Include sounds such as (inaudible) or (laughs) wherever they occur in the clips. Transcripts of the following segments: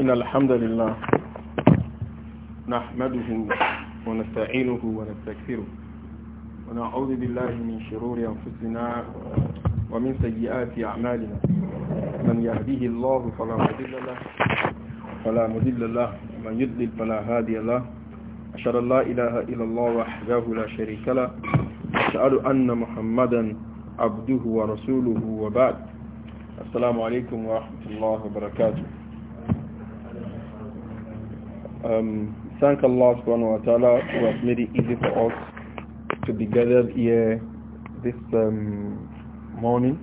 إن الحمد لله نحمده ونستعينه ونستكثره ونعوذ بالله من شرور أنفسنا ومن سيئات أعمالنا من يهديه الله فلا مضل له فلا مضل له ومن يضلل فلا هادي له أشهد أن لا إله إلا الله وحده لا شريك له أشهد أن محمدا عبده ورسوله وبعد السلام عليكم ورحمة الله وبركاته um, thank Allah subhanahu wa ta'ala who has made it easy for us to be gathered here this um, morning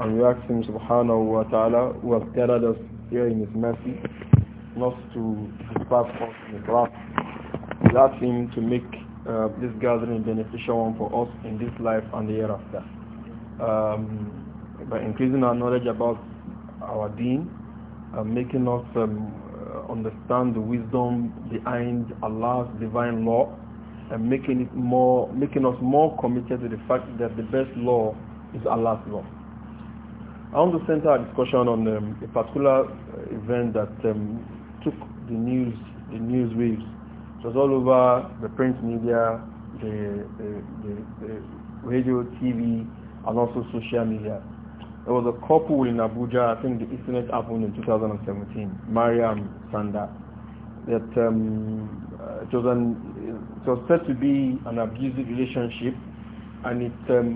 and we ask him subhanahu wa ta'ala who has gathered us here in his mercy not to disperse us in his wrath. We ask him to make uh, this gathering beneficial one for us in this life and the hereafter. Um, by increasing our knowledge about our deen making us um, uh, understand the wisdom behind Allah's divine law and making it more making us more committed to the fact that the best law is Allah's law. I want to center our discussion on um, a particular uh, event that um, took the news the news waves. It was all over the print media, the, the, the, the radio, TV, and also social media. There was a couple in Abuja, I think the incident happened in 2017, Mariam Sanda, that um, it, was an, it was said to be an abusive relationship and it, um,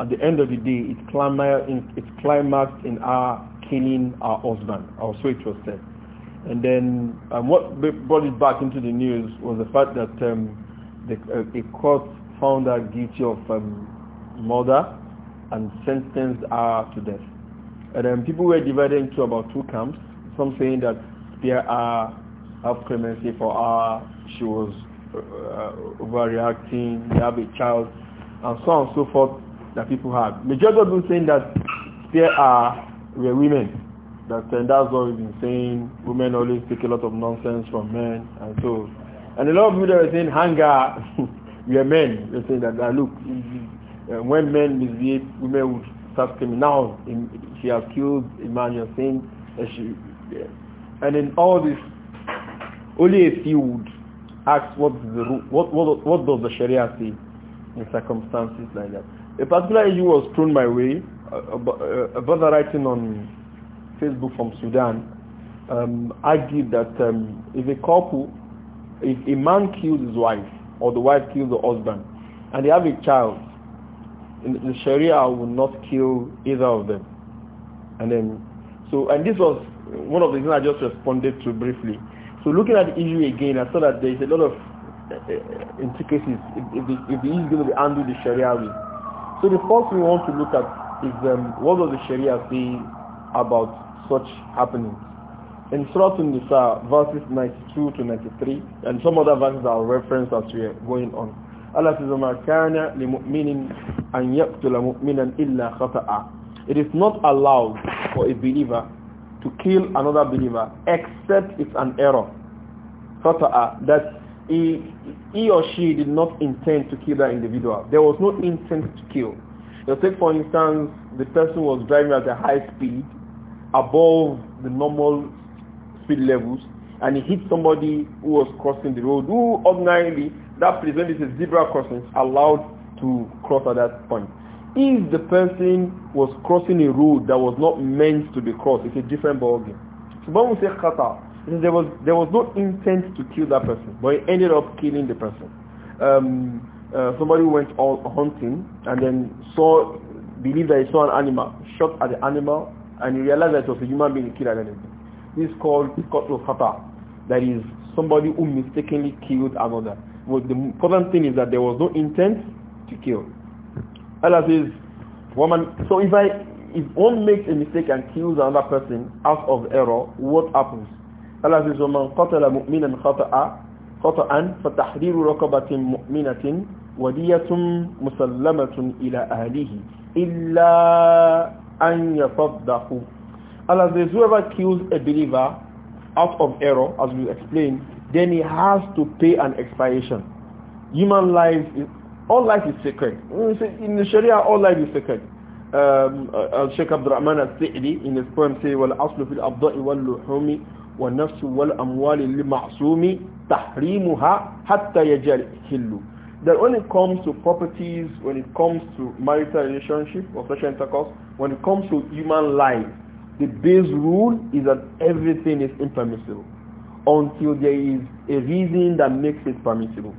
at the end of the day, it climaxed in, it climaxed in her killing her husband, or so it was said. And then um, what brought it back into the news was the fact that um, the, uh, a court found her guilty of um, murder and sentenced her to death. And then people were divided into about two camps, some saying that there are have clemency for her, she was uh, overreacting, they have a child, and so on and so forth that people had. Majority of people saying that Pierre are were women. That, and that's what we've been saying. Women always take a lot of nonsense from men and so. And a lot of people were saying, hunger, (laughs) we are men. They're saying that, that look, mm-hmm uh, when men misbehave, women would start screaming. Now she accused Emmanuel saying that uh, she, yeah. and in all this, only a few would ask what the what what what does the Sharia say in circumstances like that. A particular issue was thrown my way about, uh, about uh, the writing on Facebook from Sudan um, argued that um, if a couple, if a man kills his wife or the wife kills the husband, and they have a child, in, in Sharia would not kill either of them. And then, so, and this was one of the things I just responded to briefly. So looking at the issue again, I saw that there is a lot of uh, intricacies if, if, the, if the issue is going to be handled the Sharia way. So the first we want to look at is um, what does the Sharia say about such happenings? in Surah An-Nisa, verses 92 to 93, and some other verses are referenced as we are going on. Allah says, It is not allowed for a believer to kill another believer except it's an error. Khata'a, that he, he or she did not intend to kill that individual. There was no intent to kill. So take for instance, the person was driving at a high speed above the normal speed levels and he hit somebody who was crossing the road, who ordinarily, that place when this is zebra crossing, allowed to cross at that point. If the person was crossing a road that was not meant to be crossed, it's a different ballgame. So when we say khata, there was, there was no intent to kill that person, but he ended up killing the person. Um, uh, somebody went out hunting and then saw, believed that he saw an animal, shot at the animal, and he realized that it was a human being killed an animal. This is called Qatl Khata. That is somebody who mistakenly killed another. But the important thing is that there was no intent to kill. Allah says, woman, so if I, if one makes a mistake and kills another person out of error, what happens? Allah says, woman قَتَلَ مُؤْمِنًا خَطَأً خطأ فتحرير رقبة مؤمنة ودية مسلمة إلى أهله إلا أن يصدقوا Allah says, whoever kills a believer out of error, as we explained, then he has to pay an expiation. Human life, is, all life is sacred. Mm, in the Sharia, all life is sacred. Um, uh, uh, Sheikh Abdul Rahman al-Sa'idi in his poem says, وَالْأَصْلُ فِي الْأَبْضَاءِ وَالْلُحُومِ وَالنَّفْسُ وَالْأَمْوَالِ لِمَعْصُومِ تَحْرِيمُهَا حَتَّى يَجَلْ that when it comes to properties, when it comes to marital relationship or sexual intercourse, when it comes to human life, the base rule is that everything is impermissible until there is a reason that makes it permissible.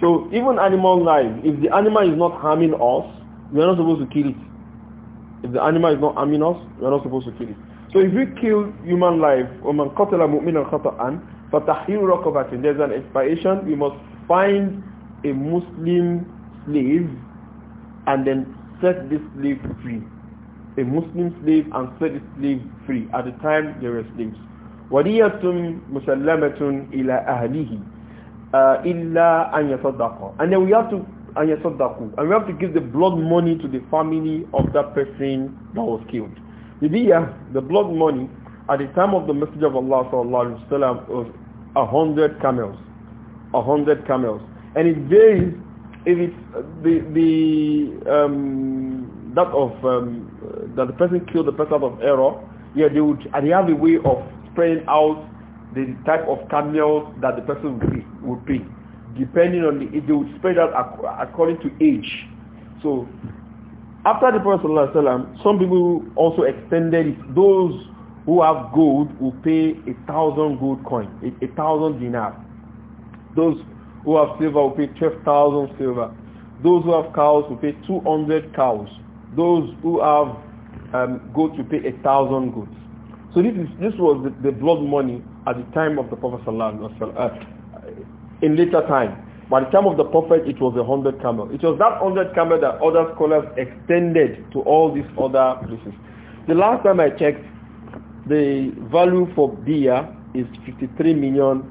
So even animal life, if the animal is not harming us, we are not supposed to kill it. If the animal is not harming us, we are not supposed to kill it. So if we kill human life, وَمَنْ قَتَلَ مُؤْمِنًا خَطَأً فَتَحْرِيرُ رَقَبَةٍ There's an expiation. We must find a Muslim slave and then set this slave free a Muslim slave and set the slave free. At the time, they were slaves. وَدِيَةٌ مُسَلَّمَةٌ إِلَىٰ أَهْلِهِ إِلَّا أَنْ يَصَدَّقَ And then we have to and yasadaku. And we have to give the blood money to the family of that person that was killed. The diya, the blood money, at the time of the message of Allah sallallahu wa wasallam was a hundred camels, a hundred camels, and it varies if it's the the um, that of um, that the person killed the person out of error, yeah, they would and they have a way of spreading out the type of camels that the person would be, would depending on the they would spread out according to age. So after the Prophet ﷺ, some people also extended it. Those who have gold will pay a thousand gold coin, a, a thousand dinar. Those who have silver will pay 12,000 silver. Those who have cows will pay 200 cows those who have um, go to pay a thousand goats. So this is this was the, the, blood money at the time of the Prophet sallallahu uh, In later time, by the time of the Prophet, it was a hundred camel. It was that hundred camel that other scholars extended to all these other places. The last time I checked, the value for Dia is fifty-three million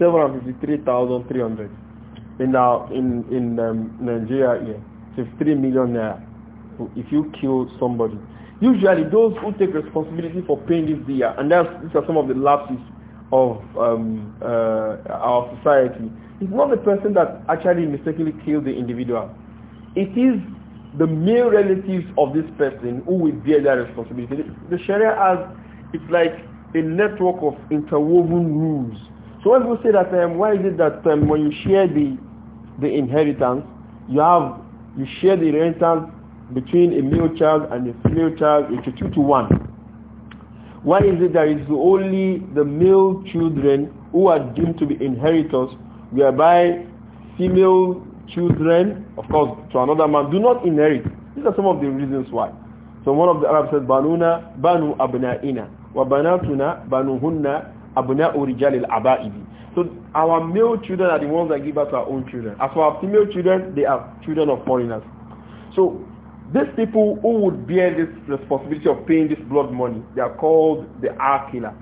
seven hundred fifty-three thousand three hundred in our in in um, Nigeria here, yeah. fifty-three million naira people if you kill somebody. Usually those who take responsibility for paying this debt, and that's, these are some of the lapses of um, uh, our society, it's not the person that actually mistakenly killed the individual. It is the male relatives of this person who will bear that responsibility. The Sharia has, it's like a network of interwoven rules. So when people say that, um, why is it that um, when you share the, the inheritance, you have, you share the inheritance between a male child and a female child it's a two to one why is it that it's only the male children who are deemed to be inheritors whereby female children of course to another man do not inherit these are some of the reasons why so one of the arabs said banuna banu abnaina wa banatuna banuhunna abna'u rijal al-aba'idi so our male children are the ones that give us our own children as for our female children they are children of foreigners so these people who would bear this responsibility of paying this blood money, they are called the killer.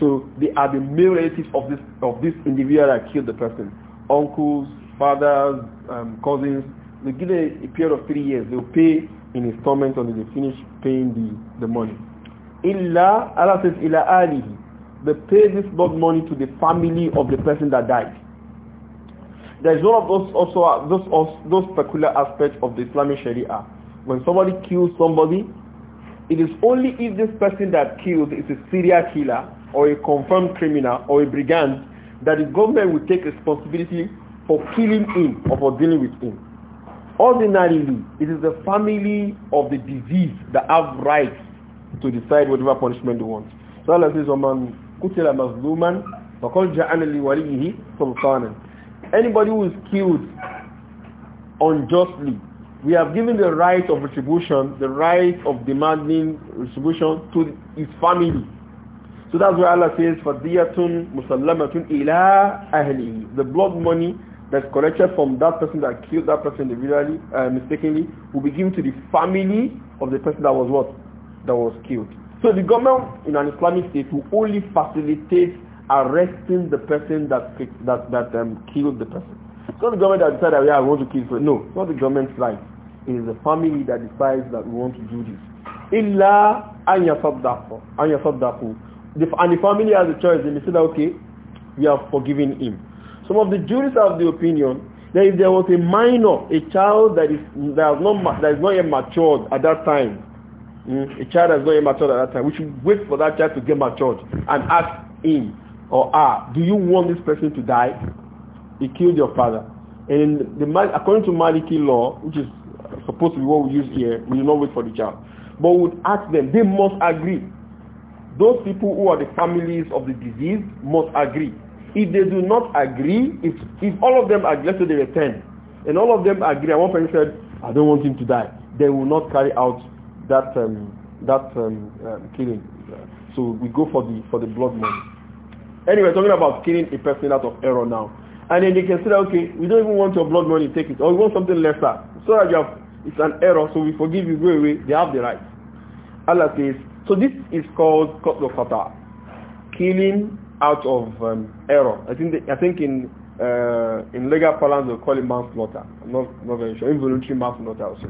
So they are the male relatives of this of this individual that killed the person. Uncles, fathers, um, cousins. They give a, a period of three years. They will pay in installments until they finish paying the, the money. Illa, Allah says, Illa alihi. They pay this blood money to the family of the person that died. There is one of those also those those particular aspects of the Islamic Sharia when somebody kills somebody, it is only if this person that killed is a serial killer or a confirmed criminal or a brigand that the government will take responsibility for killing him or for dealing with him. Ordinarily, it is the family of the deceased that have rights to decide whatever punishment they want. So Allah says, وَمَنْ قُتِلَ مَظْلُومًا فَقَلْ جَعَلَ لِوَلِيهِ سُلْطَانًا Anybody who is killed unjustly, we have given the right of retribution, the right of demanding retribution to his family. So that's why Allah says, فَدِيَةٌ مُسَلَّمَةٌ إِلَىٰ أَهْلِهِ The blood money that's collected from that person that killed that person individually, uh, mistakenly, will be given to the family of the person that was what? That was killed. So the government in an Islamic state will only facilitate arresting the person that that, that um, killed the person. It's not the government that decides that yeah, I want to kill. So no, it's not the government's right. It is the family that decides that we want to do this. Illa an yasaddaqu. An yasaddaqu. And the family has a choice. They say that, okay, we have forgiven him. Some of the jurists have the opinion that if there was a minor, a child that is that is not that is not yet matured at that time, hmm, a child that is not yet matured at that time, we should wait for that child to get matured and ask him or her, do you want this person to die? he killed your father. And the, according to Maliki law, which is supposed to be what we use here, we do not wait for the child. But we would ask them, they must agree. Those people who are the families of the deceased must agree. If they do not agree, if, if all of them agree, let's say they were 10, and all of them agree, and one person said, I don't want him to die, they will not carry out that um, that um, um, killing. So we go for the for the blood money. Anyway, talking about killing a person out of error now. And then they can say, okay, we don't even want your blood money, take it. Or we want something lesser. So that you have, it's an error, so we forgive you, go away. They have the right. Allah says, so this is called qatl fata, killing out of um, error. I think I think in uh, in legal parlance they call it manslaughter. I'm not, not very sure. Involuntary manslaughter also.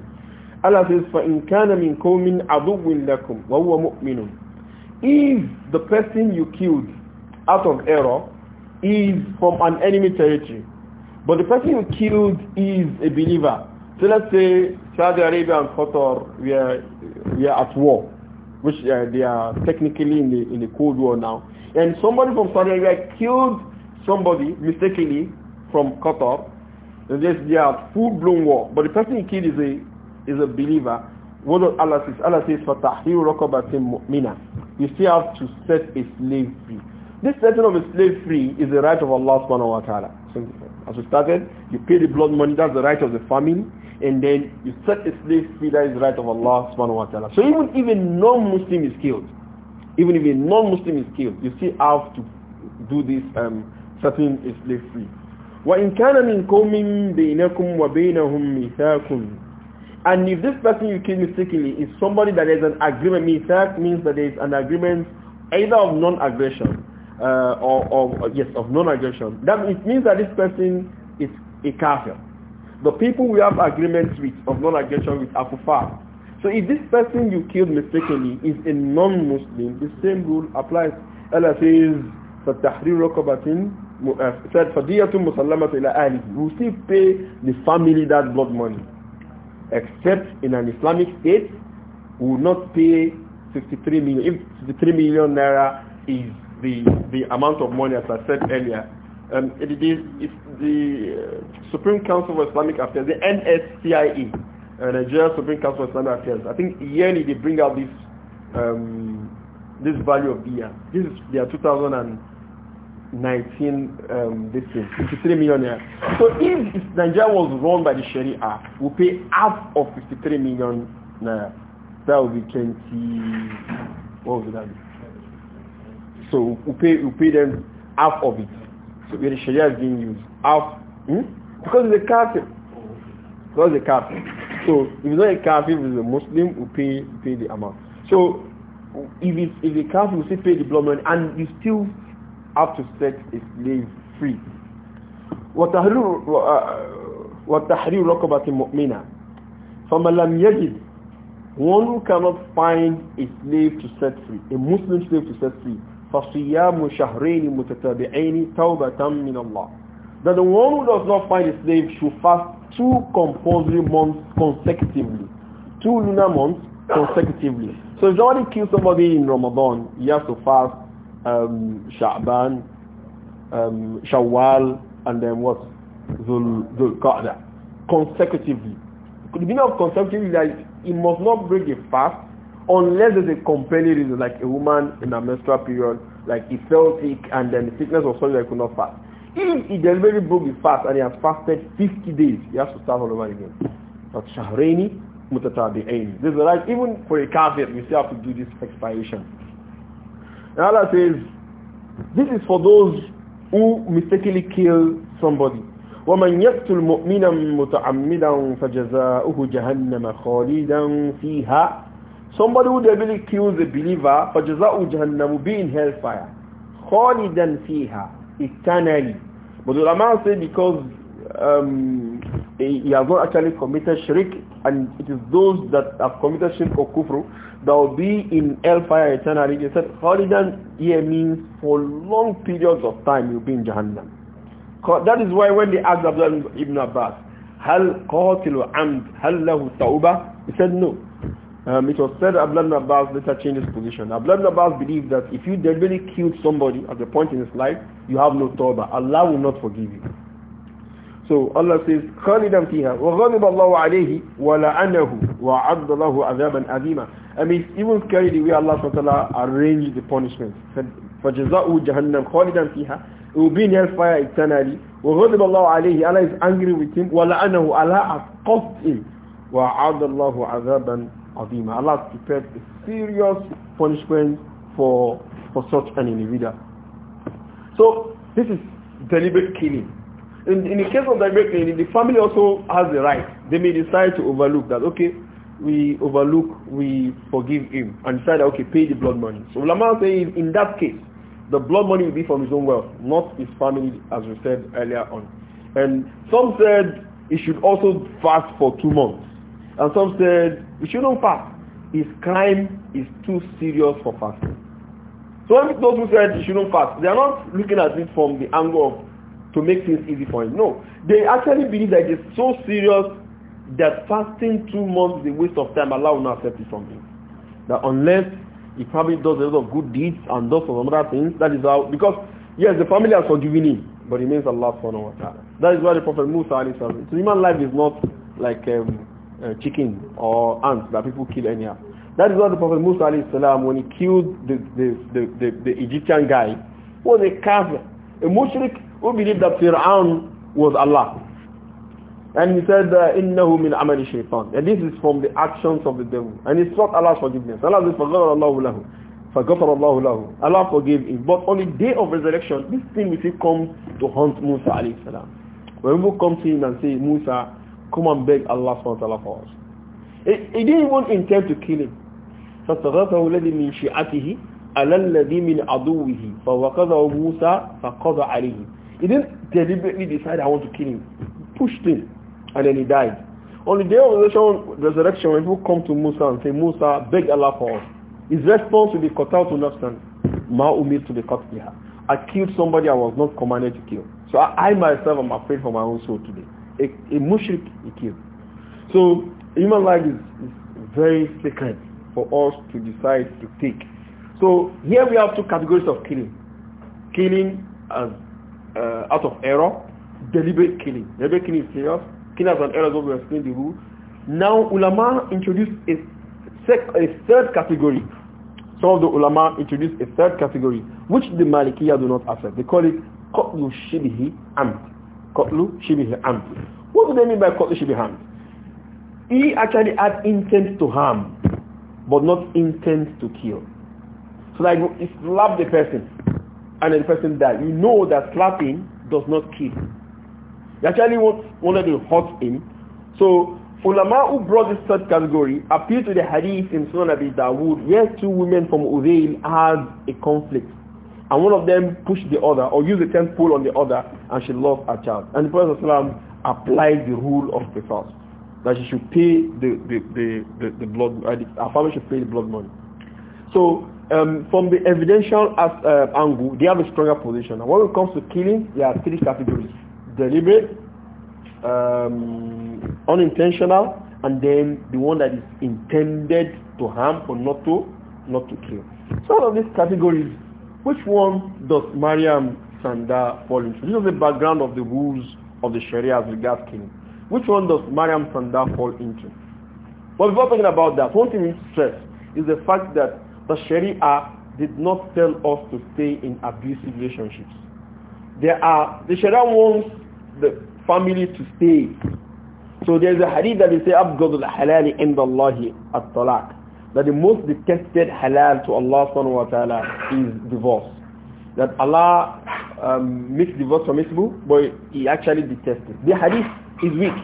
Allah says, فَإِنْ كَانَ مِنْ قَوْمٍ عَدُوٍّ لَكُمْ وَهُوَ مُؤْمِنٌ If the person you killed out of error is from an enemy territory. But the person who killed is a believer. So let's say Saudi Arabia and Qatar we are we are at war, which uh, they are technically in the, in the Cold War now. And somebody from Saudi Arabia killed somebody mistakenly from Qatar. And yes, they are full-blown war. But the person he killed is a, is a believer. What does Allah says? Allah says, فَتَحْرِيرُ رَقَبَةٍ mina. You still have to set a slave free. This setting of a slave free is the right of Allah subhanahu wa ta'ala. as we started, you pay the blood money, that's the right of the family, and then you set a slave free, that is the right of Allah subhanahu wa ta'ala. So even if a non-Muslim is killed, even if a non-Muslim is killed, you still have to do this um, setting a slave free. وَإِنْ كَانَ مِنْكُمْ بَيْنَكُمْ وَبَيْنَهُمْ مِيثَاقٌ And if this person you kill mistakenly is somebody that has an agreement, mithaq means that there is an agreement either of non-aggression uh, or, or, yes, of non-aggression, that it means that this person is a kafir. The people we have agreements with of non-aggression with Akufar. So if this person you killed mistakenly is a non-Muslim, the same rule applies. Allah says, فَتَحْرِيرُ رَقَبَةٍ uh, said, فَدِيَةٌ مُسَلَّمَةٌ إِلَىٰ أَهْلِهِ You still pay the family that blood money. Except in an Islamic state, we will not pay 63 million. If 63 million naira is the the amount of money as I said earlier. Um, it is it's the uh, Supreme Council of Islamic Affairs, the NSCIE, uh, Nigeria Supreme Council of Islamic Affairs. I think yearly they bring out this um, this value of the year. This is their 2019 um, this thing, 53 million year. So if, if Nigeria was run by the Sharia, we pay half of 53 million naira. That would be 20. What would that be? So we pay, we pay them half of it. So the Sharia is being used. Half. Hmm? Because it's a kafir. Because it's a kafir. So if it's not a kafir, if it's a Muslim, we pay, pay the amount. So if it's, if it's a kafir, we still pay the blood money and you still have to set a slave free. وتحرير وتحرير رقبة مؤمنة فمن لم يجد one who cannot find a slave to set free, a Muslim slave to set free, فَصِيَّامُ شَهْرَيْنِ مُتَتَابِعَيْنِ تَوْبَةً مِنَ اللَّهِ That the one who does not find a slave should fast two compulsory months consecutively. Two lunar months consecutively. So if somebody kills somebody in Ramadan, he has to fast um, Sha'ban, um, Shawwal, and then what? Dhul, Dhul Qa'dah. Consecutively. The meaning of consecutively is that he must not break a fast unless there's a compelling reason, like a woman in a menstrual period, like he felt sick and then the sickness was something, that he could not fast. If he deliberately broke the fast and he has fasted 50 days, he has to start all over again. But Shahreini Mutatabi'ain. This is right, even for a kafir, we still have to do this expiration. And Allah says, this is for those who mistakenly kill somebody. ومن يقتل مؤمنا متعمدا فجزاؤه جهنم خالدا فيها Somebody who deliberately kills a believer, فَجَزَاءُ جَهَنَّمُ will be in hellfire. خَالِدًا فِيهَا Eternally. But the ulama say because um, he has not actually committed shirk and it is those that have committed shirk or kufr, that will be in hellfire eternally. They said khalidan here means for long periods of time you'll be in Jahannam. That is why when they asked Abdullah ibn Abbas, هل قاتل عمد هل له توبة? He said no. Um, it was said that Abdullah ibn Abbas later changed his position. Abdullah ibn Abbas believed that if you deliberately killed somebody at the point in his life, you have no tawbah. Allah will not forgive you. So Allah says, خَالِدًا فِيهَا وَغَضِبَ اللَّهُ عَلَيْهِ وَلَعَنَهُ وَعَدَّ الله عَذَابًا أَذِيمًا And it's even scary the way Allah SWT arranged the punishment. Said فَجَزَاءُ جَهَنَّمْ خَالِدًا فِيهَا It will be in hellfire eternally. وَغَضِبَ اللَّهُ عَلَيْهِ Allah is angry with him. وَلَعَنَهُ Allah has cursed him. وَعَدَّ اللَّهُ عَذَابًا azima. Allah has prepared a serious punishment for, for such an individual. So this is deliberate killing. In, in the case of deliberate killing, the family also has the right. They may decide to overlook that, okay, we overlook, we forgive him, and decide, okay, pay the blood money. So ulama says, in that case, the blood money will be from his own wealth, not his family, as we said earlier on. And some said he should also fast for two months. And some said, we shouldn't fast. His crime is too serious for fasting. So when those who said you shouldn't fast, they are not looking at it from the angle of to make things easy for him. No. They actually believe that it's so serious that fasting two months is a waste of time. Allah will not accept it from him. That unless he probably does a lot of good deeds and does some other things, that is how, because yes, the family has forgiven him, but it means Allah subhanahu wa ta'ala. That is why the Prophet Musa, his human life is not like um, uh, chicken or ants that people kill anyhow. That is what the Prophet Musa salam, when he killed the, the, the, the, the Egyptian guy, was a kafir, a mushrik who believed that Fir'aun was Allah. And he said, إِنَّهُ مِنْ عَمَلِ shaitan. And this is from the actions of the devil. And he sought Allah's forgiveness. Allah says, فَغَفَرَ اللَّهُ لَهُ فَغَفَرَ اللَهُ لَهُ Allah forgave him. But on the day of resurrection, this thing will still come to haunt Musa alayhi salam. When people come to him and say, Musa, Come and beg Allah subhanahu for us. He, he didn't even intend to kill him. فاستغاثه الذي من شيعته على الذي من عدوه فوقظه موسى فقضى عليه He didn't deliberately decide I want to kill him. He pushed him and then he died. On the day of resurrection, when people come to Musa and say, Musa, beg Allah for us. His response will be cut out to nafsan. ما umir to the I killed somebody I was not commanded to kill. So I, I myself am afraid for my own soul today a, a mushrik he killed. So human life is, is very sacred for us to decide to take. So here we have two categories of killing. Killing as uh, out of error, deliberate killing. Deliberate killing is serious. Killing as an error is what we explained the rule. Now ulama introduced a, sec- a third category. Some of the ulama introduced a third category, which the Malikiya do not accept. They call it Qatlu Shibhi Amd. Kotlu Shibihi Amd. What do they mean by Kotlu Shibihi Amd? He actually had intent to harm, but not intent to kill. So like, you slap the person, and then the person died. You know that slapping does not kill. You actually want, wanted to hurt him. So ulama who brought this third category appealed to the hadith in Sunan Abi Dawood where two women from Uzail had a conflict and one of them push the other or use a tent pole on the other and she lost her child. And the Prophet ﷺ applied the rule of the first that she should pay the, the, the, the, the blood, uh, her family should pay the blood money. So um, from the evidential as, uh, angle, they have a stronger position. And when it comes to killing, there are three categories. Deliberate, um, unintentional, and then the one that is intended to harm or not to, not to kill. So all of these categories which one does Mariam Sanda fall into? This is the background of the rules of the Sharia as regards king. Which one does Mariam Sanda fall into? But before talking about that, one thing we stress is the fact that the Sharia did not tell us to stay in abusive relationships. There are, the Sharia wants the family to stay. So there's a hadith that they say, أَبْغَضُ the عِنْدَ at talaq that the most detested halal to Allah subhanahu wa ta'ala is divorce. That Allah um, makes divorce permissible, but he actually detests it. The hadith is weak.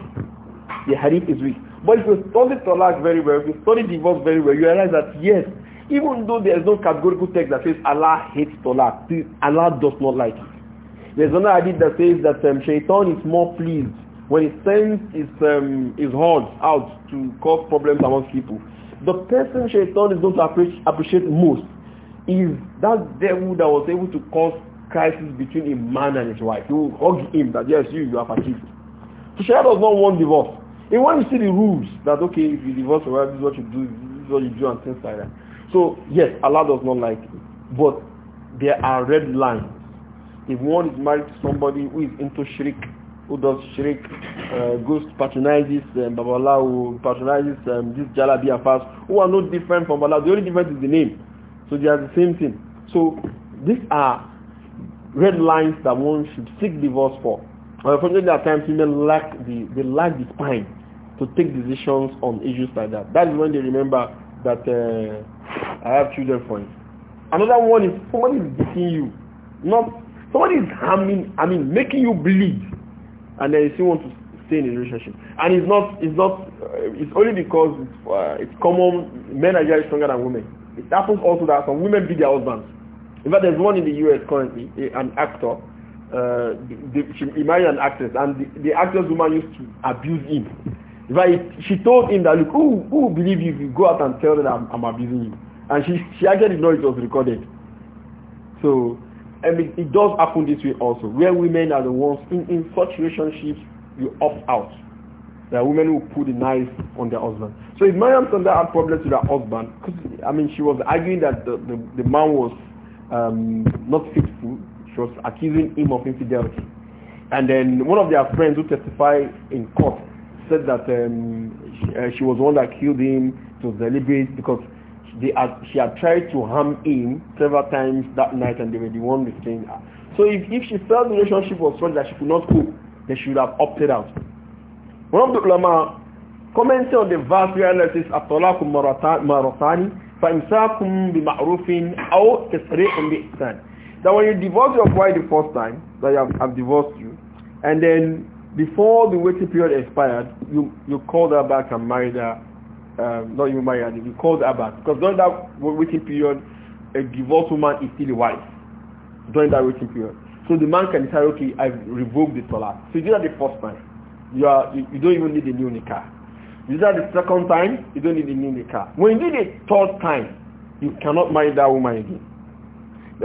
The hadith is weak. But if you study talaq very well, if you study divorce very well, you realize that yes, even though there is no categorical text that says Allah hates talaq, Allah does not like it. There's another hadith that says that um, shaitan is more pleased when he sends his, um, his out to cause problems amongst people. The person Shaitan is going to appreciate most is that devil that was able to cause crisis between a man and his wife. He will hug him that yes, you, you have achieved. So Shaitan does not want divorce. He wants to see the rules that okay, if you divorce your wife, this is what you do, this is what you do and things like that. So yes, Allah does not like it. But there are red lines. If one is married to somebody who is into shirk, who does shirk, uh, goes patronizes um, Babala, who patronizes um, this Jalabi Afas, who are not different from Babala. The only difference is the name. So they are the same thing. So these are red lines that one should seek divorce for. Unfortunately, at times women lack the they lack the spine to take decisions on issues like that. That is when they remember that uh, I have children for you. Another one is somebody is beating you, not somebody is harming. I mean, making you bleed and then you still want to stay in a relationship. And it's not, it's not, uh, it's only because it's, uh, it's common, men are generally stronger than women. It happens also that some women beat their husbands. In fact, there's one in the US currently, a, an actor, uh, the, she married an actress, and the, the actress woman used to abuse him. In fact, she told him that, look, who, who will believe you if you go out and tell them I'm, I'm abusing you? And she, she actually did know it was recorded. So I mean, it does happen this way also, where women are the ones in, in such relationships you opt out. There are women who put the knife on their husband. So if Mariam Sanda had problems with her husband, because I mean she was arguing that the, the, the man was um, not faithful. she was accusing him of infidelity. And then one of their friends who testified in court said that um, she, uh, she was one that killed him to deliberate because they had, she had tried to harm him several times that night and they were the one restraining her. So if, if she felt the relationship was such that she could not cope, then she would have opted out. One of the ulama commented on the verse where it says, "Atalakum maratani, فَإِمْسَاكُمْ بِمَعْرُوفٍ أَوْ تَسْرِيحٌ That when you divorce your wife the first time, that you have, have divorced you, and then before the waiting period expired, you, you called her back and married her um, not even married, we called Abad. Because during that waiting period, a divorced woman is still a wife during that waiting period. So the man can decide, okay, I've revoked the talaq. So you do that the first time. You, are, you, you don't even need a new nikah. You do that the second time, you don't need a new nikah. When you do the third time, you cannot marry that woman again.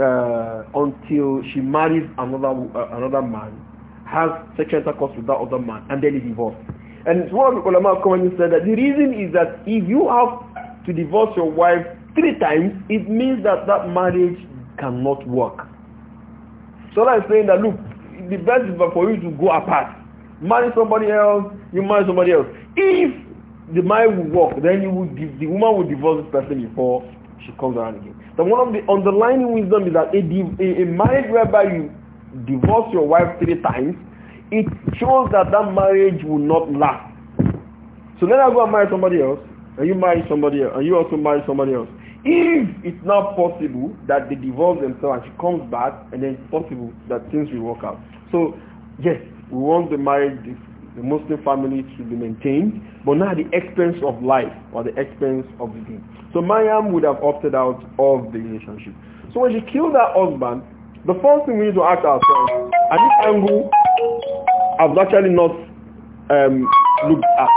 Uh, until she marries another uh, another man, has sexual intercourse with that other man, and then is divorced. And one of the ulama commonly said that the reason is that if you have to divorce your wife three times, it means that that marriage cannot work. So that's saying that look, the best is for you to go apart. Marry somebody else, you marry somebody else. If the marriage will work, then you will the woman will divorce this person before she comes around again. So one of the underlying wisdom is that a, a marriage whereby you divorce your wife three times it shows that that marriage will not last. So let her go and marry somebody else, and you marry somebody else, and you also marry somebody else. If it's not possible that they divorce themselves and she comes back, and then it's possible that things will work out. So yes, we want the marriage, the Muslim family to be maintained, but not at the expense of life or the expense of the deen. So Mariam would have opted out of the relationship. So when she killed her husband, the first thing we need to ask ourselves, at this angle, I've actually not um, looked at,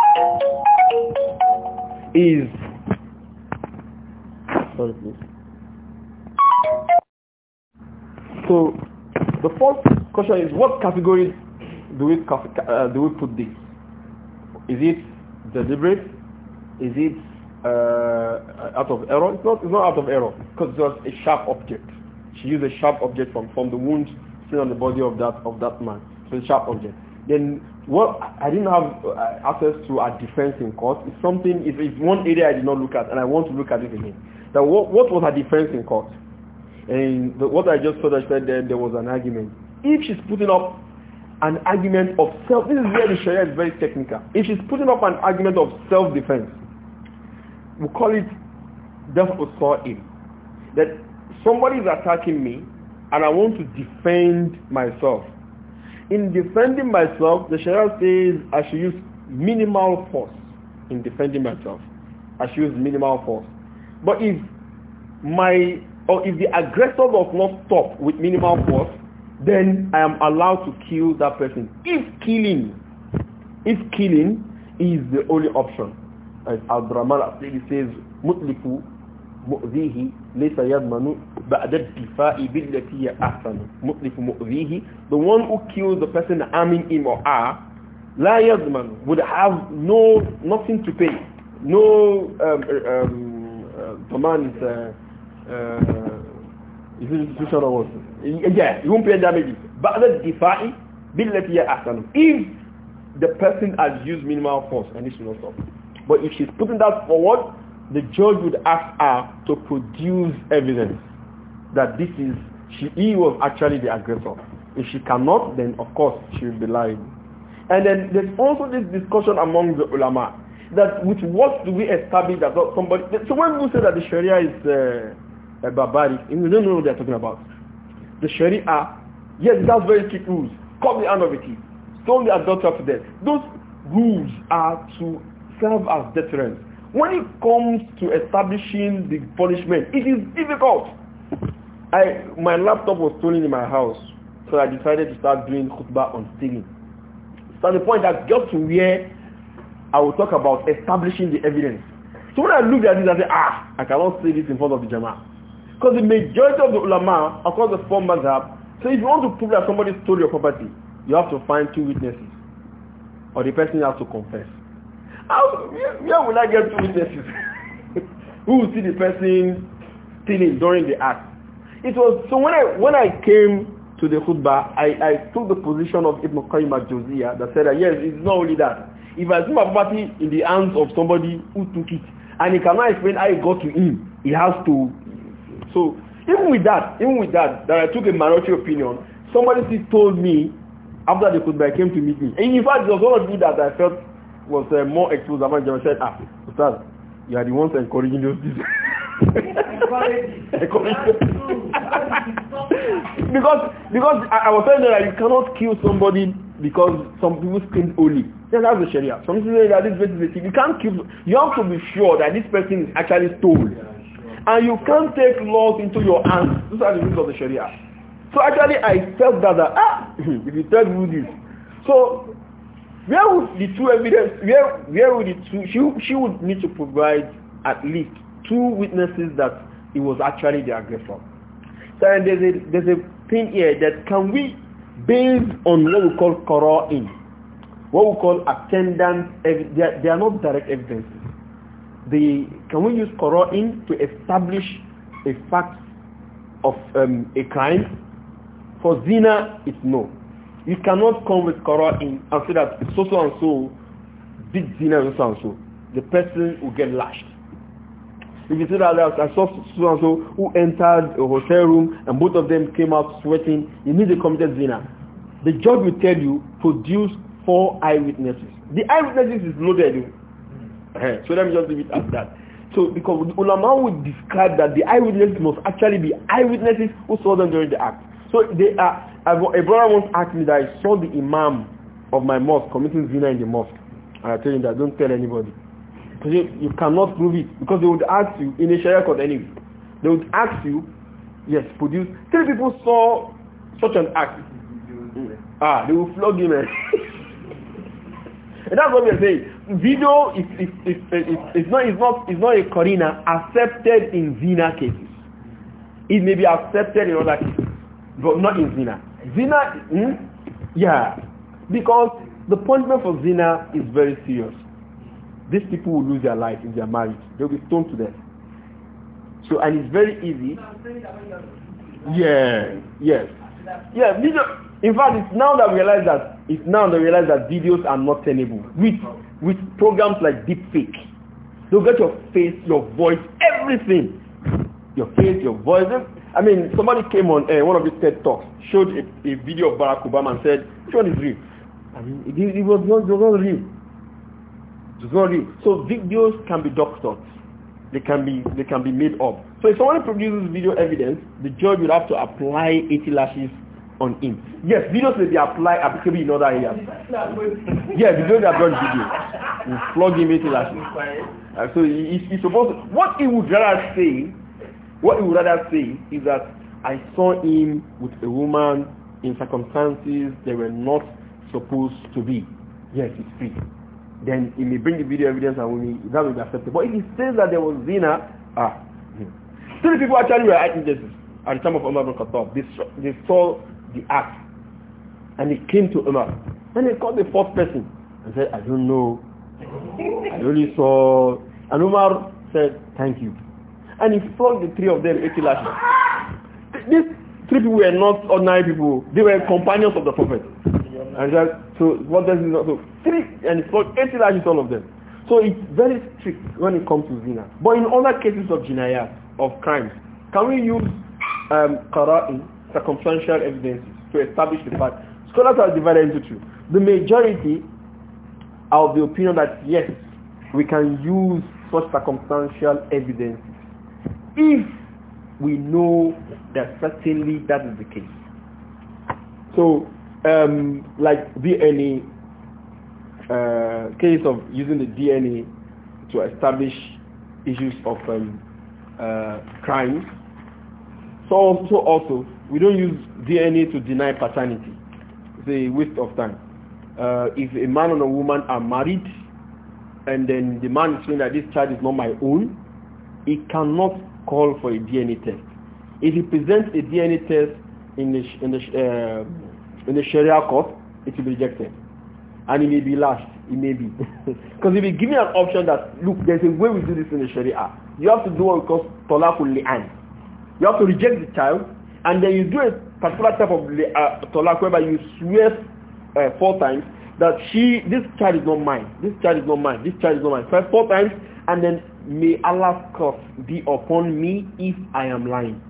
is, sorry please. So, the first question is, what categories do we, uh, do we put this? Is it deliberate? Is it uh, out of error? It's not, it's not out of error, because it's just a sharp object. She used a sharp object from, from the wound still on the body of that of that man. So a sharp object. Then what I didn't have uh, access to at defense in court is something, If if one area I did not look at and I want to look at it again. That what, what was her defense in court? And the, what I just saw I said there, there was an argument. If she's putting up an argument of self, this is where the Sharia is very technical. If she's putting up an argument of self-defense, we call it daf'u sa'im. That Somebody is attacking me and I want to defend myself. In defending myself, the Sharia says I should use minimal force in defending myself. I should use minimal force. But if my or if the aggressor does not stop with minimal force, then I am allowed to kill that person. If killing, if killing is the only option, as Abdurrahman Asili says, مؤذيه ليس يضمن بعد الدفاع بالتي هي أحسن مؤلف مؤذيه the one who kills the person harming him or her لا يضمن would have no nothing to pay no um, um, uh, demand uh, uh, is it institution or what yeah he won't pay damages بعد الدفاع بالتي هي أحسن if the person has used minimal force and this will not stop but if she's putting that forward the judge would ask her to produce evidence that this is she he was actually the aggressor. If she cannot, then of course she will be lying. And then there's also this discussion among the ulama that with what do we establish that somebody... So when we say that the Sharia is uh, barbaric, we don't know what they're talking about. The Sharia, yes, that's very strict rules. Cut the hand of a kid. Stone the adulterer to death. Those rules are to serve as deterrence when it comes to establishing the punishment, it is difficult. I, my laptop was stolen in my house, so I decided to start doing khutbah on stealing. So the point that got to where I will talk about establishing the evidence. So when I looked at this, I said, ah, I cannot say this in front of the Jama'ah. Because the majority of the ulama, across the four mazhab, so if you want to prove that somebody stole your property, you have to find two witnesses. Or the person has to confess. How, where, where will I get two witnesses? (laughs) Who will see the person stealing during the act? It was so when I when I came to the khutbah, I, I took the position of Ibn Qayyim al-Jawziyah that said that yes, it's not only that. If I see my property in the hands of somebody who took it and he cannot explain how it got to him, he has to. So even with that, even with that, that I took a minority opinion, somebody still told me after the khutbah came to meet me. And in fact, it was one of you that I felt was uh, more exposed among I said, ah, Ustaz, you are the ones encouraging those people. (laughs) because because I, I, was telling them that you cannot kill somebody because some people scream only. Yeah, that's the Sharia. Some people say that this person is You can't kill. You have to be sure that this person is actually stolen, yeah, sure. and you can't take laws into your hands. These are the rules of the Sharia. So actually, I felt that, that ah, (clears throat) if you tell me this, so where would the two evidence, where, where would the two, she, she would need to provide at least two witnesses that it was actually the aggressor. So and there's a, there's a thing here that can we, based on what we call in, what we call attendance, they are, they are not direct evidences. The, can we use in to establish a fact of um, a crime? For zina, it's no. You cannot come with Quran and say that so so and so did zina and so and so. The person will get lashed. If you say that I saw so and so who entered a hotel room and both of them came out sweating, you need a committed zina. The judge will tell you produce four eyewitnesses. The eyewitnesses is loaded. Oh. Eh, so let me just leave it at that. So because ulama would describe that the eyewitnesses must actually be eyewitnesses who saw them during the act. So they are a brother once asked me that I saw the imam of my mosque committing zina in the mosque. And I told him that don't tell anybody. Because you, you cannot prove it. Because they would ask you, in a Sharia court anyway, they would ask you, yes, produce. Three people saw such an act. Ah, they will flog him. Eh. And, (laughs) and that's what we are saying. Video is, is, is, is, is, not, is, not, is not a corina accepted in zina cases. It may be accepted in other cases, but not in zina. Zina, hmm? yeah, because the punishment for zina is very serious. These people will lose their life if they are married. They'll be stoned to death. So, and it's very easy. Yeah, yes. Yeah, video, in fact, it's now that we realize that, it's now that realize that videos are not tenable. With, with programs like deepfake, they'll get your face, your voice, everything. Your face, your voice, I mean, somebody came on uh, one of his TED Talks, showed a, a, video of Barack Obama and said, which one is real? I mean, it, it, was, not, it was not real. It was not real. So videos can be doctored. They can be, they can be made up. So if someone produces video evidence, the judge will have to apply 80 lashes on him. Yes, videos may be applied applicably in other areas. yeah, videos they have done video. You flog him 80 lashes. Uh, so he's, he's supposed to, what he would rather say what he would rather say is that I saw him with a woman in circumstances they were not supposed to be. Yes, it's free. Then he may bring the video evidence and we, that will be accepted. But if he says that there was zina, ah, hmm. three people actually were eyewitnesses at the time of Umar ibn Khattab. They, saw, they saw the act and he came to Umar. Then he called the fourth person and said, I don't know. I only saw. And Umar said, thank you and he flogged the three of them 80 lashes. These three people were not ordinary people. They were companions of the prophet. And that, so what does he not so three and he flogged 80 lashes all of them. So it's very strict when it comes to zina. But in other cases of jinayat, of crimes, can we use um, qara'in, circumstantial evidences, to establish the fact? Scholars are divided into two. The majority are of the opinion that yes, we can use such circumstantial evidence if we know that certainly that is the case. So, um, like DNA, uh, case of using the DNA to establish issues of um, uh, crimes. So, so also, we don't use DNA to deny paternity. It's a waste of time. Uh, if a man and a woman are married, and then the man is saying that this child is not my own, it cannot call for a DNA test. If he presents a DNA test in the, in the, uh, in the Sharia court, it will be rejected. And he may be lashed. He may be. Because (laughs) if you give me an option that, look, there's a way we do this in the Sharia. You have to do what we call talakul li'an. You have to reject the child, and then you do a particular type of uh, talak whereby you swear uh, four times that she, this child is not mine, this child is not mine, this child is not mine. First four times, and then may Allah's curse be upon me if I am lying.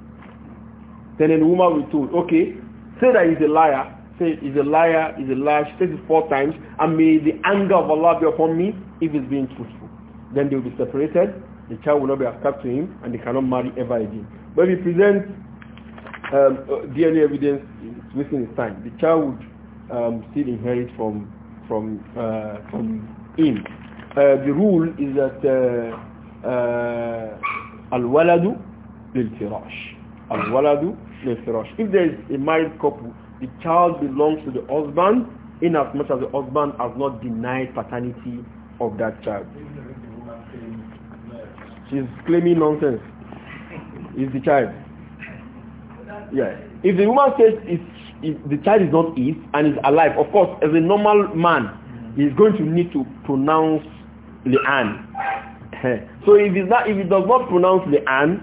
Then the woman will told, okay, say that he's a liar. Say he's a liar, he's a liar. She says it four times. And may the anger of Allah be upon me if he's being truthful. Then they will be separated. The child will not be attached to him and they cannot marry ever again. But if he presents um, uh, DNA evidence, it's wasting his time. The child would um, still inherit from from uh, from him. Uh, the rule is that uh, uh, al-waladu lil-firash. Al-waladu If there is a married couple, the child belongs to the husband in as much as the husband has not denied paternity of that child. She's claiming nonsense. Is the child. Yeah. If the woman says if the child is not his and is alive, of course, as a normal man, he's going to need to pronounce the an. So if, it's not, if it does not pronounce the an,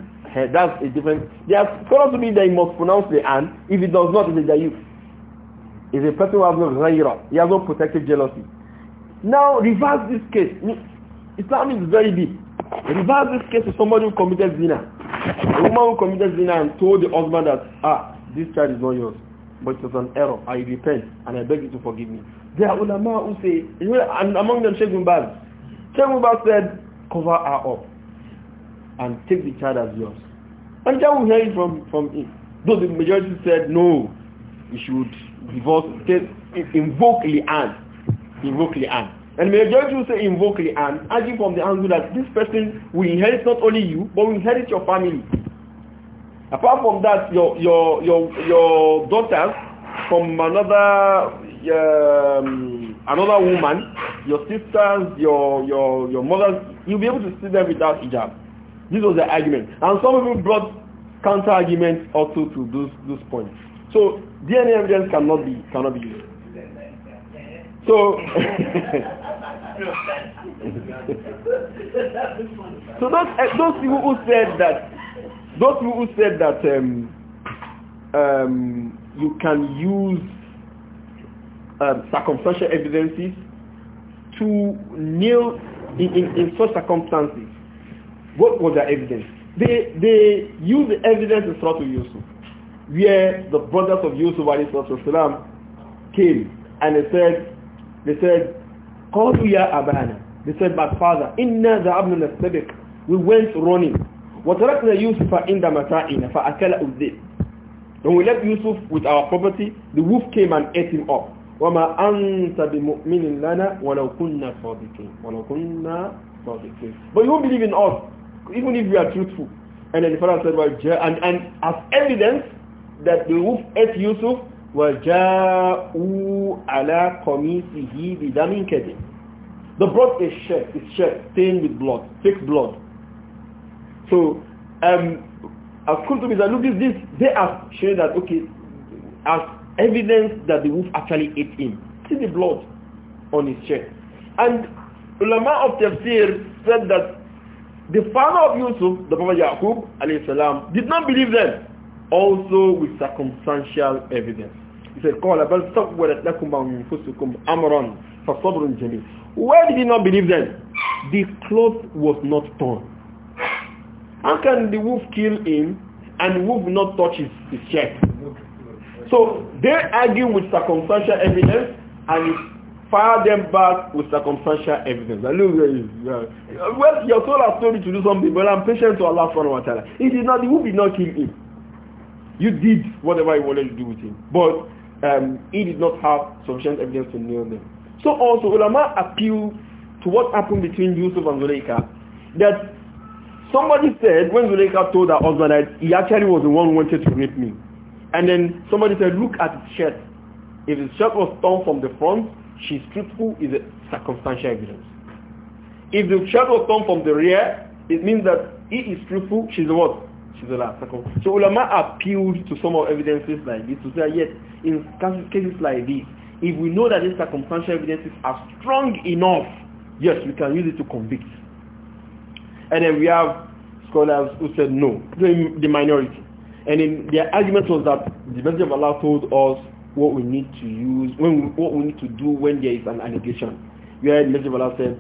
that's a different. They have told me that he must pronounce the an. If it does not, it's a dayuf. It's a person who has no ghayra. He has no protective jealousy. Now reverse this case. Islam is very deep. Reverse this case to somebody who committed zina. A woman who committed zina and told the husband that, ah, this child is not yours, but it was an error. I repent and I beg you to forgive me. There are ulama who say, and among them Sheikh Mubarak. Sheikh Mubarak said, cover her up and take the child as yours. And then we hear it from, from him. Though the majority said no, you should divorce, take, invoke Li'an. Invoke Li'an. And the majority will say invoke Li'an, arguing from the angle that this person will inherit not only you, but will inherit your family. Apart from that, your, your, your, your daughters from another um, another woman, your sisters, your your your mothers, you'll be able to see them without hijab. This was the argument. And some people brought counter arguments also to those those points. So DNA evidence cannot be cannot be used. So (laughs) so those eh, those people who said that those people who said that um, um, you can use um, circumstantial evidences to nail in, in, in such circumstances. What was the evidence? They, they used the evidence in Surah to Yusuf, where the brothers of Yusuf والسلام, came and they said, they said, قَالُوا يَا أَبَانَا They said, but father, إِنَّا ذَعَبْنَا نَسْتَبِقْ We went running. وَتَرَكْنَا يُوسُفَ عِنْدَ مَتَاعِنَا فَأَكَلَ أُذِّبْ When we left Yusuf with our property, the wolf came and ate him up. وما أنت بمؤمن lana ولو kunna صادقين ولو kunna صادقين but you won't believe in us even if we are truthful and then the father said well, and, and as evidence that the wolf ate Yusuf وَجَاءُوا عَلَى قَمِيسِهِ بِدَمٍ كَذِبٍ The blood is shed, it's shed, stained with blood, thick blood. So, um, as Kultum is, look, this, this, they have shared that, okay, as evidence that the wolf actually ate him. See the blood on his chest. And ulama of tafsir said that the father of Yusuf, the Prophet Yaqub did not believe them, also with circumstantial evidence. He said, "Where بَلْ سَوَّلَتْ لَكُمْ أَنفُسُكُمْ أَمْرًا فَصَبْرٌ جَمِيلٌ Why did he not believe them? The cloth was not torn. How can the wolf kill him and the wolf not touch his, his chest? So they argue with circumstantial evidence and fire them back with circumstantial evidence. Like, look, uh, well, your soul has told you to do something, but I'm patient to Allah subhanahu wa ta'ala. He did not, you did not kill him. You did whatever you wanted to do with him. But um, he did not have sufficient evidence to nail them. So also ulama appeal to what happened between Yusuf and Zuleika that somebody said when Zuleika told her husband that he actually was the one who wanted to rape me. And then somebody said, look at his shirt. If his shirt was torn from the front, she's truthful is a circumstantial evidence. If the shirt was torn from the rear, it means that he is truthful, she's what? She's a liar. So ulama appealed to some of evidences like this to say, yes, in cases like this, if we know that these circumstantial evidences are strong enough, yes, we can use it to convict. And then we have scholars who said no, the minority. And in their argument was that the Messenger of Allah told us what we need to use, when what we need to do when there is an allegation. Where the Messenger of Allah said,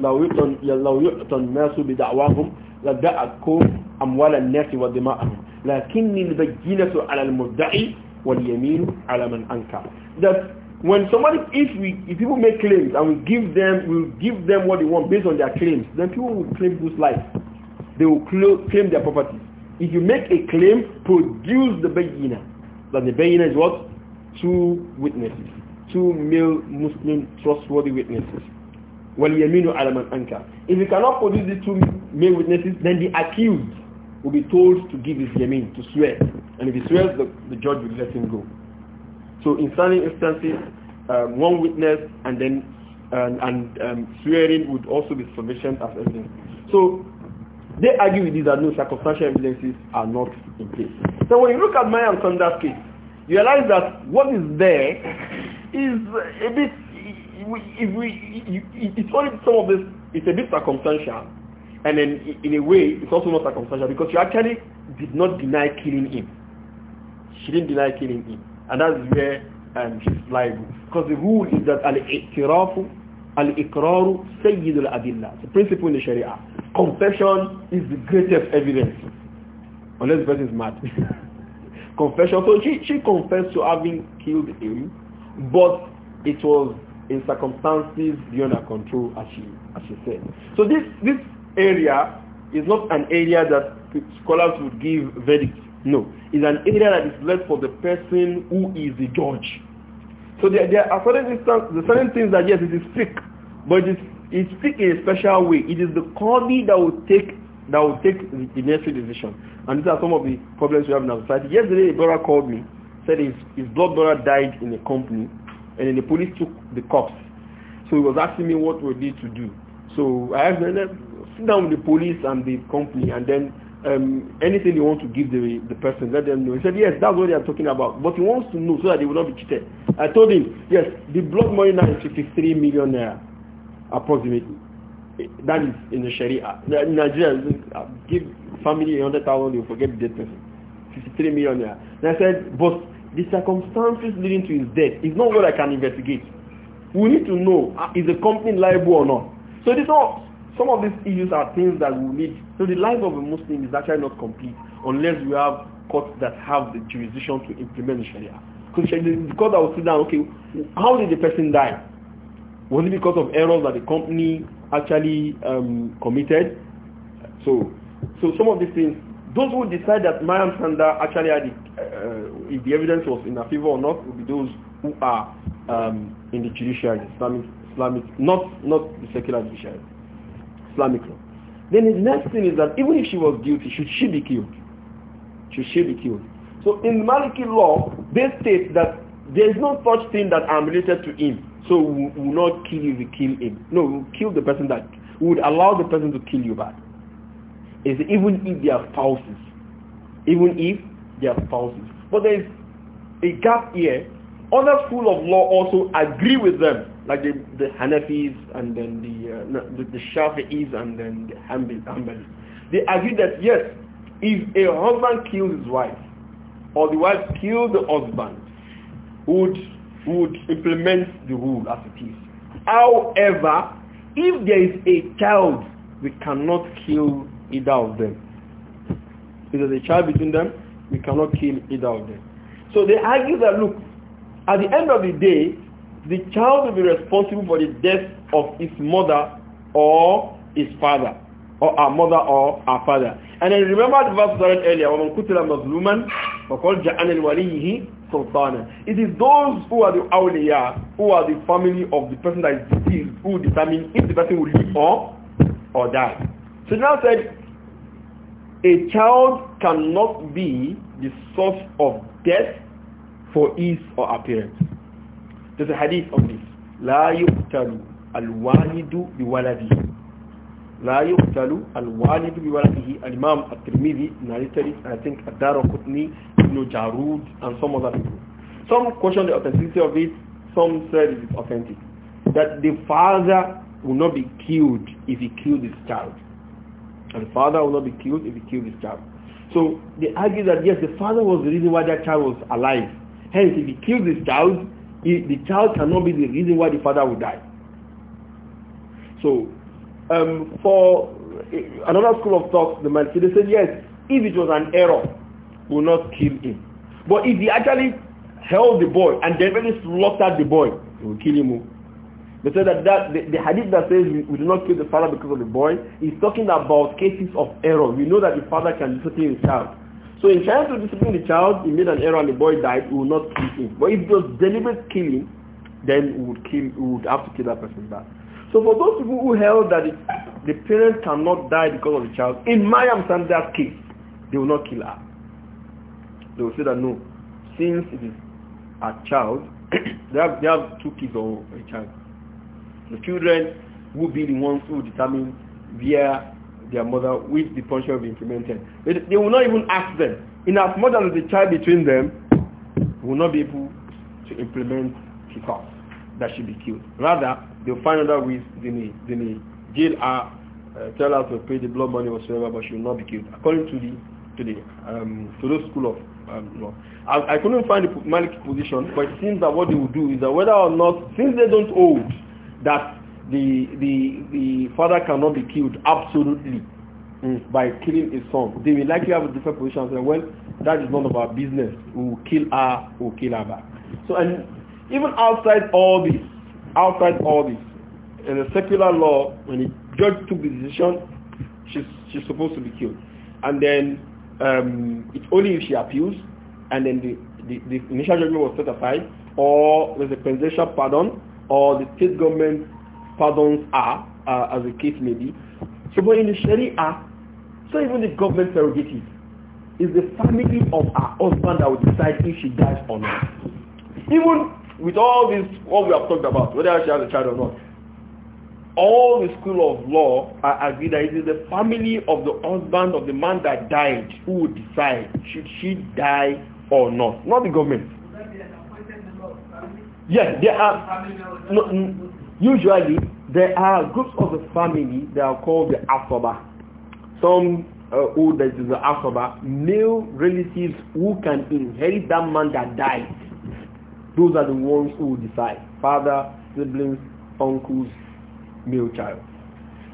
لو يعطى الناس بدعواهم لدعتكم أموال الناس ودماءهم لكن البجينة على المدعي واليمين على من أنكر. That when somebody, if we, if people make claims and we give them, we we'll give them what they want based on their claims, then people will claim whose life. They will claim their properties. If you make a claim, produce the bayina. That the bayina is what? Two witnesses. Two male Muslim trustworthy witnesses. وَلْيَمِينُ عَلَى مَنْ أَنْكَرَ If you cannot produce the two male witnesses, then the accused will be told to give his yamin, to swear. And if he swears, the, the judge will let him go. So in certain instances, um, one witness and then and um, swearing would also be sufficient as evidence. So they argue with this that no circumstantial evidences are not in place. So when you look at Maya and Sunda's case, you realize that what is there is a bit, if we, it's only some of this, it's a bit circumstantial. And then in a way, it's also not circumstantial because she actually did not deny killing him. She didn't deny killing him. And that's where um, she's liable. Because the rule is that al-iqtirafu, al-iqraru, sayyidul al-adillah. It's a principle in the Sharia confession is the greatest evidence. Unless the person is mad. (laughs) confession. So she, she confessed to having killed him, but it was in circumstances beyond her control, as she, as she said. So this, this area is not an area that scholars would give verdicts. No. It's an area that is left for the person who is the judge. So there, there are certain instances, certain things that yes, it is fake, but it is he speaks in a special way. It is the company that will take that will take the necessary decision. And these are some of the problems we have in our society. Yesterday, a brother called me, said his, his blood brother died in a company, and then the police took the cops. So he was asking me what we need to do. So I asked him, sit down with the police and the company, and then um, anything you want to give the, the person, let them know. He said, yes, that's what they are talking about. But he wants to know so that they will not be cheated. I told him, yes, the blood money now is 53 million naira approximately. That is in the Sharia. In Nigeria, give family 100,000, you forget the dead 53 million naira. And I said, but the circumstances leading to his death is not what I can investigate. We need to know, uh, is the company liable or not? So this all, some of these issues are things that we need. So the life of a Muslim is actually not complete unless we have courts that have the jurisdiction to implement the Sharia. Because the court that will sit down, okay, how did the person die? Was it because of errors that the company actually um, committed? So, so some of these things, those who decide that Mayan Sander actually had, uh, if the evidence was in her favor or not, would be those who are um, in the judiciary, Islamic, Islamic, not not the secular judiciary, Islamic law. Then the next thing is that even if she was guilty, should she be killed? Should she be killed? So in Maliki law, they state that there is no such thing that I'm related to him. So we will not kill you, we kill him. No, we will kill the person that would allow the person to kill you back. Is even if they are spouses. Even if they are spouses. But there is a gap here. Other school of law also agree with them, like the, the Hanafis and then the, uh, the, the Shafi'is and then the Hanbali. They agree that yes, if a husband kills his wife, or the wife kills the husband, would would implement the rule as it is. However, if there is a child, we cannot kill either of them. If there's a child between them, we cannot kill either of them. So they argue that, look, at the end of the day, the child will be responsible for the death of his mother or his father or our mother or our father. And then remember the verse I read earlier, وَمَنْ قُتِلَ مَظْلُومًا فَقَلْ جَعَنَ الْوَلِيِّهِ سُلْطَانًا It is those who are the awliya, who are the family of the person that is deceased, who determine if the person will live or, or die. So now said, a child cannot be the source of death for his or her parents. There's a hadith on this. لا يقتل الوالد بولده la yuqtalu al-walid bi waladihi al-imam at-tirmidhi narrated it i think ad-darqutni jarud and some other people some question the authenticity of it some said it is authentic that the father will not be killed if he killed his child and the father will not be killed if he killed his child so they argue that yes the father was the reason why that child was alive hence if he killed his child he, the child cannot be the reason why the father would die so um, for eh, another school of thought, the said they said, yes, if it was an error, we will not kill him. But if he actually held the boy and deliberately slaughtered the boy, we will kill him. They said that, that the, the, hadith that says we, we, do not kill the father because of the boy is talking about cases of error. We know that the father can discipline the child. So in trying to discipline the child, he made an error and the boy died, we will not kill him. But if it was deliberate killing, then we would kill we would have to kill that person back. So for those people who held that the, the parent cannot die because of the child, in my Sandra's case, they will not kill her. They will say that no, since it is a child, (clears throat) they have, they have two kids or a child. The children will be the ones who determine via their mother, which the punishment will be implemented. They, they will not even ask them. In as much as the child between them will not be able to implement his house that she be killed. Rather, they'll find another ways they may, they may jail her, uh, tell her to pay the blood money whatsoever, but she will not be killed, according to the to the um, to the school of um, law. I, I couldn't find the Malik position, but it seems that what they will do is that whether or not, since they don't hold that the the the father cannot be killed absolutely mm. by killing his son, they will likely have a different position and say, well, that is none of our business. We will kill her, we will kill her back. So and even outside all this, outside all this, in the secular law, when the judge took the decision, she's, she's supposed to be killed. And then um, it's only if she appeals, and then the, the, the initial judgment was set aside, or there's a presidential pardon, or the state government pardons are, uh, as the case may be. So but in the Sharia, so even the government prerogative is the family of her husband that will decide if she dies or not. Even with all this, what we have talked about, whether she has a child or not, all the school of law are agreed that it is the family of the husband of the man that died who would decide should she die or not, not the government. Yes, there are, no, usually there are groups of the family that are called the Asaba. Some uh, who that is the Asaba, male relatives who can inherit that man that died those are the ones who will decide. Father, siblings, uncles, male child.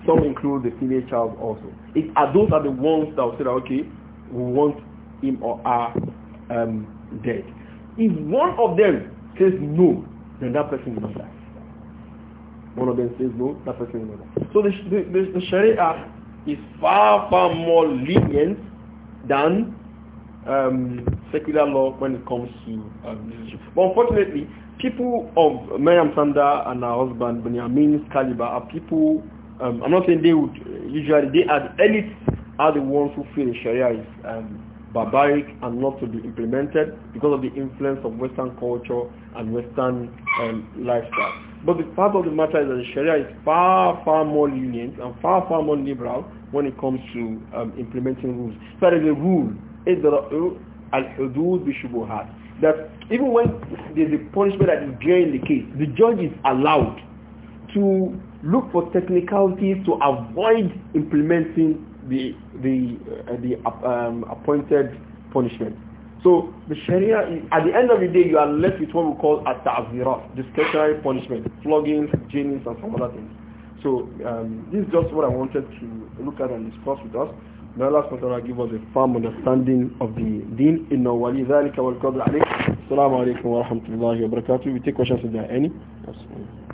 Some include the female child also. It, are, uh, those are the ones that will say, that, okay, we want him or her um, dead. If one of them says no, then that person will not die. One of them says no, that person will not die. So the, the, the, the Sharia is far, far more lenient than um, secular law when it comes to um, But unfortunately, people of Maryam Sanda and her husband Benjamin Caliber are people, um, I'm not saying they would, usually they are the elites are the ones who feel Sharia is um, barbaric and not to be implemented because of the influence of Western culture and Western um, lifestyle. But the fact of the matter is that Sharia is far, far more lenient and far, far more liberal when it comes to um, implementing rules. So there is a rule, al-hudud bi-shubuhat. That even when there's a punishment that is given the case, the judge is allowed to look for technicalities to avoid implementing the the uh, the um, appointed punishment. So the Sharia, is, at the end of the day, you are left with what we call at tazirat discretionary punishment, floggings, jailings, and some other things. So um, this is just what I wanted to look at and discuss with us. May Allah SWT give us a firm understanding of the deen. Inna wali dhalika wal qabla alayk. Assalamu alaikum wa rahmatullahi wa barakatuh. We take questions if there are any. Yes.